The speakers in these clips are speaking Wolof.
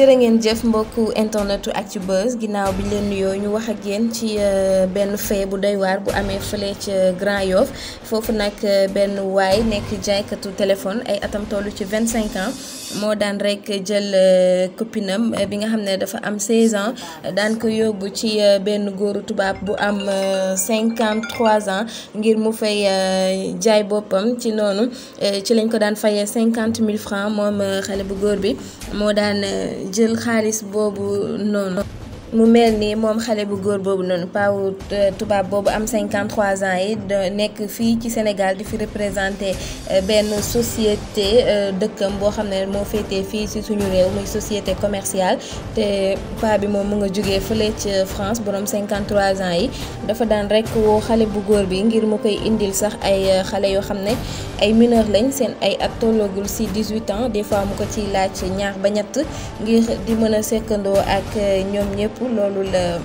jërë ngeen jëf mbokku internetu Actubuzz ginnaaw bi leen nuyoo ñu wax ak yéen ci euh, benn fee bu doy waar bu amee fële ca Grand Yoff foofu nag euh, benn waay nekk jaaykatu téléphone ay atam tollu ci 25 ans moo daan rek jël euh, copinam bi nga xam ne dafa am 16 ans daan ko yóbbu ci benn góoru tubaab bu am 53 ans ngir mu fay jaay boppam ci noonu ci lañ ko daan fayee 50 000 francs moom xale bu góor bi moo daan. jël xaalis boobu noonu mu mel ni moom xale bu góor boobu noonu paw tubaab boobu am 53 ans yi da nekk fii ci Sénégal di fi représenté euh, benn société euh, dëkkam boo xam ne moo féetee fii ci suñu réew muy société commercial te pa bi moom mu nga jógee fële ci France borom 53 ans yi dafa daan rek woo xale bu góor bi ngir mu koy indil sax ay euh, xale yoo xam ne ay mineur lañ seen ay at tolloogul ci 18 ans des fois mu ko ci laaj ñaar ba ñett ngir di mën a sekkandoo ak ñoom ñëpp loolu la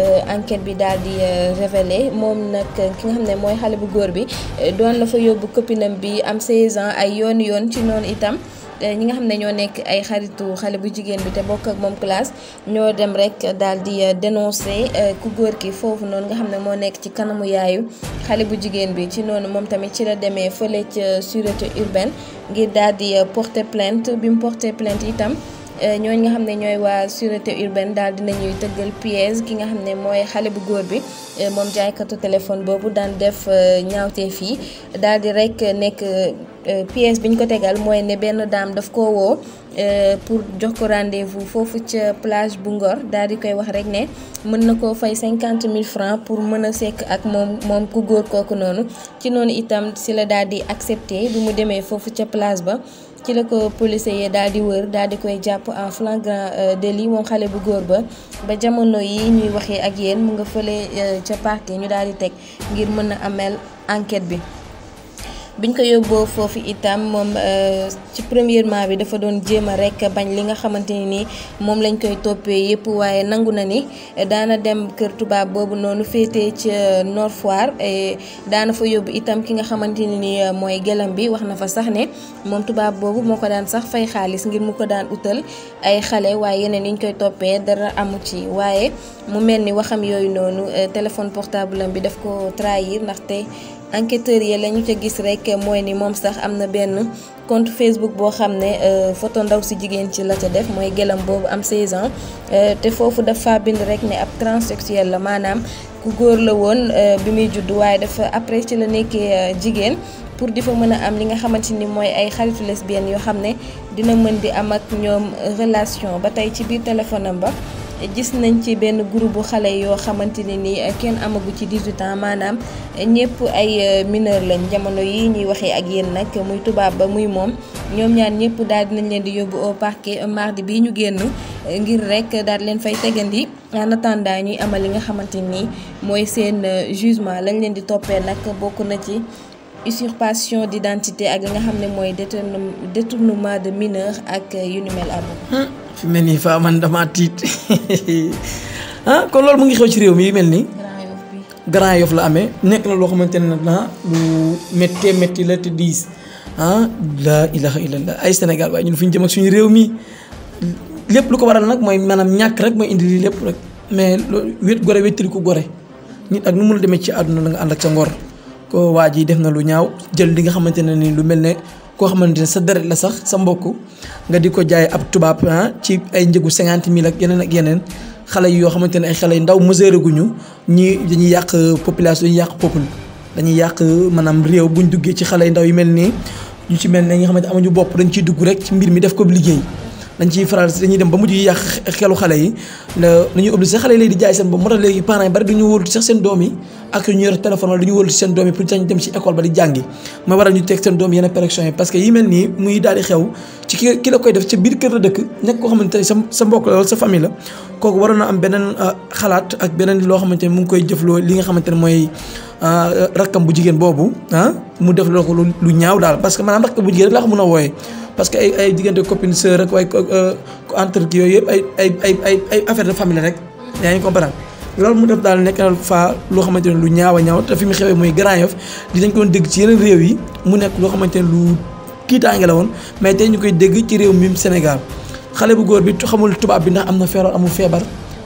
euh, enquête bi daal di euh, révélé moom nag ki nga xam ne mooy xale bu góor bi euh, doon la fa yóbbu copinam bi am 16 ans ay yoon yoon ci noonu itam ñi nga xam ne ñoo nekk ay xaritu xale bu jigéen bi te bokk ak moom classe ñoo dem rek daal di dénoncé ku góor ki foofu noonu nga xam ne moo nekk ci kanamu yaayu xale bu jigéen bi ci noonu moom tamit ci la demee fële ca sûreté urbaine ngir daal di porter plainte bi mu porter plainte itam. Euh, ñooñu nga xam ne ñooy waa sûreté urbaine daal dinañuy tëggal pièce ki nga xam ne mooy xale bu góor bi euh, moom jaaykatu téléphone boobu daan def euh, ñaawteef fii daal di rek nekk pièce bi ñu ko tegal mooy ne benn daam daf ko woo pour jox ko rendez foofu ca plage bu Ngor daal di koy wax rek ne mën na koo fay cinquante mille francs pour mën a sekk ak moom moom ku góor kooku noonu ci noonu itam si la daal di accepté bi mu demee foofu ca plage ba. ci la ko policier yi daal di wër daal di koy jàpp en flagrant euh, délit moom xale bu góor ba ba jamono yi ñuy waxee ak yéen mu nga fële euh, ca parquet ñu daal di teg ngir mën a ameel enquête bi. biñ ko yóbboo foofu itam moom euh, ci premièrement bi dafa doon jéem a rek bañ li nga xamante ni nii moom lañ koy toppee yëpp waaye nangu na ni daana dem kër tubaab boobu noonu féetee ci Nord Foire daana fa yóbbu itam ki nga xamante ni nii mooy gëlëm bi wax na fa sax ne moom tubaab boobu moo ko daan sax fay xaalis ngir mu ko daan utal ay xale waaye yeneen yiñ koy toppee dara amu ci waaye mu mel ni waxam yooyu noonu euh, téléphone portable am bi daf ko trahir ndaxte enquêteurs yi lañu ca gis rek mooy ni moom sax am na benn compte Facebook boo xam ne euh, photo ndaw si jigéen ci la ca def mooy gëléem boobu am 16 ans euh, te foofu dafa bind rek ne ab transsexuel la maanaam ku góor la woon euh, bi muy judd waaye dafa après ci la nekkee jigéen pour di fa mën a am li nga xamante ni mooy ay xaritu lesbienne yoo xam ne dina mën di am ak ñoom relation ba tey ci biir téléphone am ba. gis nañ ci benn groupe bu xale yoo xamante ne ni kenn amagu ci 18 ans maanaam ñëpp ay euh, mineur lañ jamono yi ñuy waxee ak yéen nag muy tubaab ba muy moom ñoom ñaan ñëpp daal dinañ leen di yóbbu au parquet euh, mardi bi ñu génn euh, ngir rek daal leen fay tegandi en attendant ñuy amal yi nga xamante ni mooy seen jugement lañ leen di toppee nag bokk na ci. usurpation d'identité ak li nga xam ne mooy détournement de mineur ak yu ni mel abu fi nii faa man dama tiit ah kon loolu mu ngi xew ci réew mi mel nii Grand Yoff la amee nekk na loo xamante ne nag ah lu méttee métti la te diis ah laa ilaha illallah ay Sénégal waaye ñun fu ñu jëm suñu réew mi lépp lu ko waral nag mooy maanaam ñàkk rek mooy indi lii lépp rek mais loolu wét gore wéttali ko gore nit ak nu mu la demee ci àdduna la nga ànd ak sa ngor ko waa ji def na lu ñaaw jël li nga xamante ne ni lu mel ne koo xamante ne sa deret la sax sa mbokk nga di ko jaay ab tubaab ah, ci ay njëgu cinquante mille ak yeneen ak yeneen xale yoo xamante ne ay xale yu ndaw mesure guñu ñi dañuy yàq population dañuy yàq peuple dañuy yàq maanaam réew bu ñu duggee ci xale yu ndaw yi mel nii ñu ci mel ne nga xamante amuñu bopp dañ ciy dugg rek ci mbir mi def ko liggéey dañ ciy faral dañuy dem ba mujj yi yàq xelu xale yi dañuy obligé xale yi léegi di jaay seen bopp moo tax léegi parents yi bari du ñu wóolu sax seen doom yi ak ñu yor téléphone wala du ñu wóolu seen doom yi pour ñu dem ci école ba di jàngi mooy waral ñu teg seen doom yenn pression yi parce que yi mel nii muy daal di xew ci ki ki la koy def ca biir kër la dëkk nekk koo xamante ne sa sa mbokk la wala sa famille la kooku waroon na am beneen euh, xalaat ak beneen loo xamante ne mu ngi koy jëfloo li nga xamante ne mooy euh, rakkam bu jigéen boobu ah mu def loo ko lu ñaaw daal parce que maanaam rakkam bu jigéen a wooyee parce que ay ay diggante copine sœur rek waaye euh, entre kii yooyu yëpp ay ay ay ay ay affaire de famille rek. yaa ngi comprendre loolu mu def daal nekk na fa loo xamante ne lu ñaaw a ñaaw te fi mu xewee mooy Grand Yoff di dañ ko dégg ci yeneen réew yi mu nekk loo xamante ne lu kiitaange la woon mais tey ñu koy dégg ci réew mi Sénégal xale bu góor bi xamul tubaab bi ndax am na feebar amul feebar.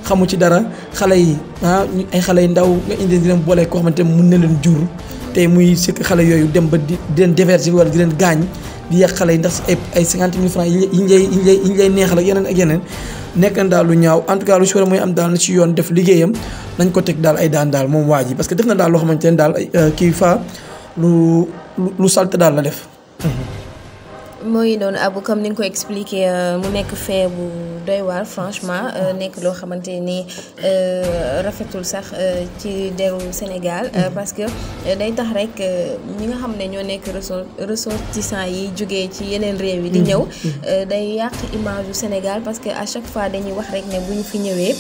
xamu ci dara xale yi ah ay xale yu ndaw nga indi di leen boole koo xamante ne mun na leen jur tey muy sëkk xale yooyu dem ba di di leen divertir wala di leen gaañ di yàq yi ndax ay ay cinquante mille francs yi ñu lay yi ñu yi ñu neexal ak yeneen ak yeneen nekk na daal lu ñaaw en tout cas lu si war a mooy am daal na ci yoon def liggéeyam nañ ko teg daal ay daan daal moom waa ji parce que def na daal loo xamante ne daal ay euh, kii fa lu lu salte daal la def. mooy noonu abu comme ni nga ko expliqué euh, mu nekk fee bu doy waar franchement euh, nekk loo xamante ni euh, rafetul sax ci deru Sénégal. Mm-hmm. parce que day tax rek ñi nga xam ne ñoo nekk ressortissant yi jugee ci yeneen réew yi. di mm-hmm. ñëw mm-hmm. day yàq image yu Sénégal parce que à chaque fois dañuy wax rek ne bu ñu fi ñëwee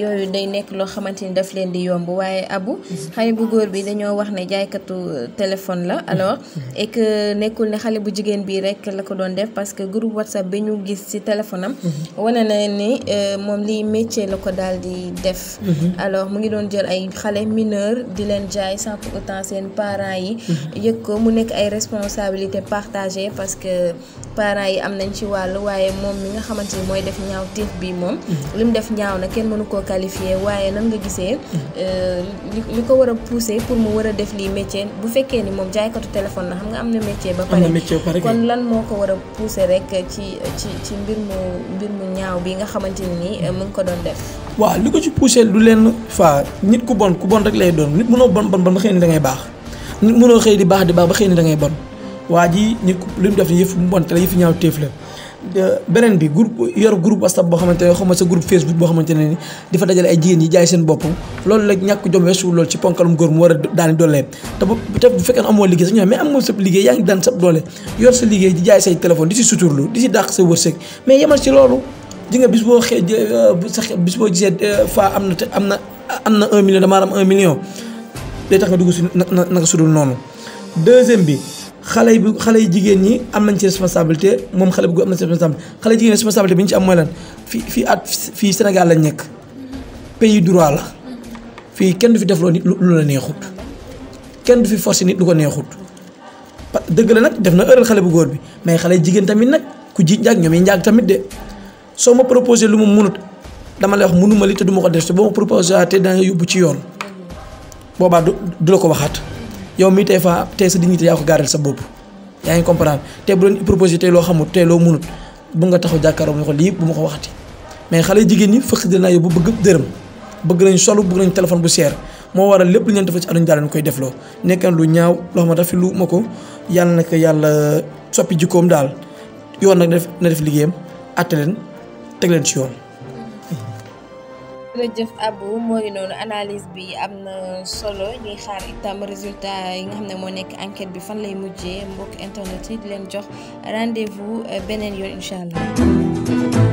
yooyu day nekk loo xamante ni daf leen di yomb waaye abu xale bu góor bi dañoo wax ne jaaykatu téléphone la alors et nekkul ne xale bu jigéen bii rek. la ko doon def parce que groupe whatsapp bi ñu gis ci téléphone am wane na ni euh, moom liy métier la ko daal di def mhm. alors mu ngi doon jël ay xale mineur di leen jaay sans pour autant seen parent yi mhm. yëg ko mu nekk ay responsabilité partage parce que parent yi am nañ ci wàll waaye moom mi nga xamante ni mooy def ñaaw tiif bi moom mhm. li mu def ñaaw na kenn mënu koo qualifié waaye nan nga gisee euh, li ko war a poussé pour mu war a def lii métier bu fekkee ni moom jaaykatu téléphone la am na métier moo ko war a pousser rek ci ci ci mbir mu mbir mu ñaaw bi nga xamante ni mu ngi ko doon def. waaw li ko ci pousser du leen fa nit ku bon ku bon rek lay doon nit mënoo bon bon bon ba xëy ni da ngay baax nit mënoo xëy di baax di baax ba xëy ni dangay bon waa ji nit ku li mu def yëf mu bon te la yëf ñaaw téef la. beneen bi groupe yor groupe whatsapp boo xamante ne xawma sa groupe facebook boo xamante ne ni dafa dajale ay jigéen yi jaay seen bopp loolu la ñàkk jom weesu loolu ci ponkalum góor mu war a daani doole te bu te bu fekkee amoo liggéey sax ñu mais am nga sa liggéey yaa ngi daan sa doole yor sa liggéey di jaay say téléphone di si suturlu di si dàq sa wërsëg loolu di bis boo xee euh, bis boo gisee euh, fa am na am na na un million dama am un million day tax nga dugg si naka sudul noonu deuxième bi xale bu xale yi jigéen ñi am nañ ci responsabilité moom xale bu góor am nañ ci responsabilité xale jigéen responsabilité bi ñu ci am mooy lan fii fii at fii Sénégal lañ nekk pays droit la fii kenn du fi def loo nit lu la neexut kenn du fi forcé nit lu ko neexut dëgg la nag def na erreur xale bu góor bi mais xale jigéen tamit nag ku ji njaag ñoom yi njaag tamit de soo ma proposé lu ma munut dama lay wax munuma li te du ma ko def te boo ma proposé te yóbbu ci yoon boobaa du ko waxaat yow mi tey fa tey sa dignité yaa ko gaaral sa bopp yaa ngi comprendre tey bu leen proposé tey loo xamul tey loo munut bu nga taxaw jàkkaaroo nga ko bu ma ko waxati mais xale jigéen ñi fëkk bëgg dërëm bëgg nañ solu bëgg nañ téléphone bu seer moo waral lépp lu ñu defal ci aduñ daal koy defloo nekkan lu ñaaw loo xamante fi lu ma ko yàlla na ko yàlla soppi jikkoom daal yoon nag na def liggéeyam atte leen teg leen ci yoon jërëjëf Abou moo ngi noonu analyse bi am na solo ñuy xaar itam résultat yi nga xam ne moo nekk enquête bi fan lay mujjee mbokk internet yi leen jox rendez-vous euh, beneen yoon incha allah.